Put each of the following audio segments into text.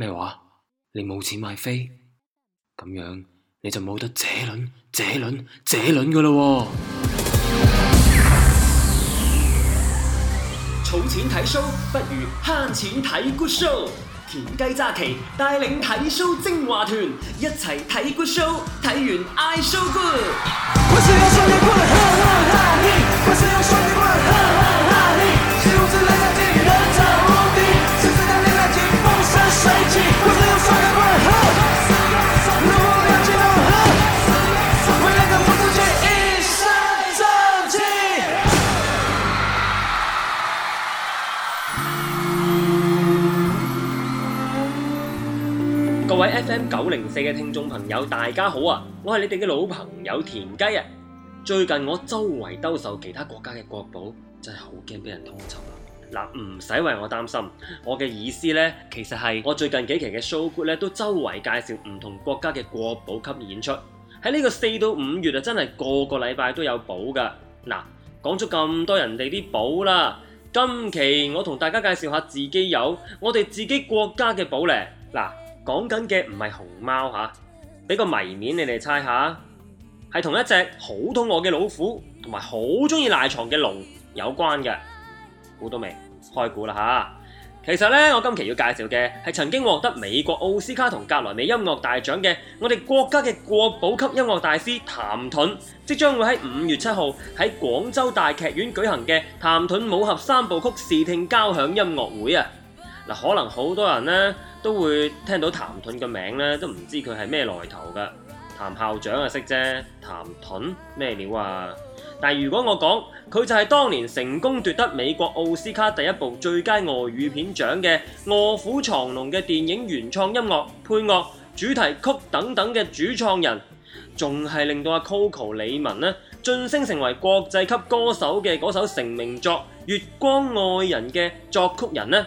咩話？你冇錢買飛，咁樣你就冇得這輪、這輪、這輪噶啦！㖏，儲錢睇 show 不如慳錢睇 good show。田雞揸旗帶領睇 show 精華團，一齊睇 good show，睇完嗌 show good。我需要 show good 哈哈我需要 show 各位 F.M. 九零四嘅聽眾朋友，大家好啊！我係你哋嘅老朋友田雞啊。最近我周圍兜售其他國家嘅國寶，真係好驚俾人通緝啊！嗱，唔使為我擔心，我嘅意思呢，其實係我最近幾期嘅 show good 咧，都周圍介紹唔同國家嘅國寶級演出。喺呢個四到五月啊，真係個個禮拜都有寶噶。嗱、啊，講咗咁多人哋啲寶啦，今期我同大家介紹下自己有我哋自己國家嘅寶呢！嗱、啊。講緊嘅唔係熊貓吓，俾個謎面你哋猜下，係同一隻好肚餓嘅老虎，同埋好中意賴床嘅龍有關嘅，估到未？開估啦吓。其實呢，我今期要介紹嘅係曾經獲得美國奧斯卡同格萊美音樂大獎嘅我哋國家嘅國寶級音樂大師譚盾，即將會喺五月七號喺廣州大劇院舉行嘅譚盾武俠三部曲視聽交響音樂會啊！嗱，可能好多人呢。都會聽到譚盾嘅名咧，都唔知佢係咩來頭噶。譚校長啊識啫，譚盾咩料啊？但如果我講佢就係當年成功奪得美國奧斯卡第一部最佳外語片獎嘅《卧虎藏龍》嘅電影原創音樂、配樂、主題曲等等嘅主創人，仲係令到阿 Coco 李玟呢晉升成為國際級歌手嘅嗰首成名作《月光愛人》嘅作曲人呢。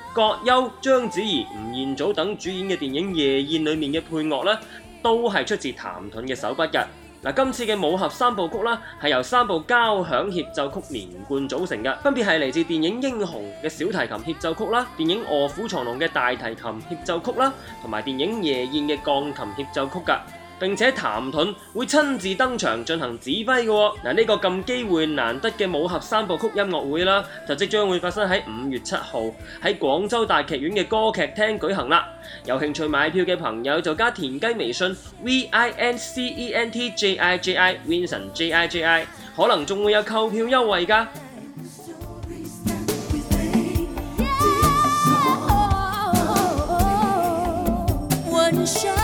葛優、章子怡、吳彥祖等主演嘅電影《夜宴》裏面嘅配樂咧，都係出自譚盾嘅手筆㗎。嗱，今次嘅武俠三部曲啦，係由三部交響協奏曲連貫組成嘅，分別係嚟自電影《英雄》嘅小提琴協奏曲啦、電影《卧虎藏龍》嘅大提琴協奏曲啦，同埋電影《夜宴》嘅鋼琴協奏曲㗎。並且譚盾會親自登場進行指揮嘅喎、哦，嗱、這、呢個咁機會難得嘅武俠三部曲音樂會啦，就即將會發生喺五月七號喺廣州大劇院嘅歌劇廳舉行啦。有興趣買票嘅朋友就加田雞微信 v i n c e n t j i j i v i n c e n t j i j i，可能仲會有購票優惠㗎。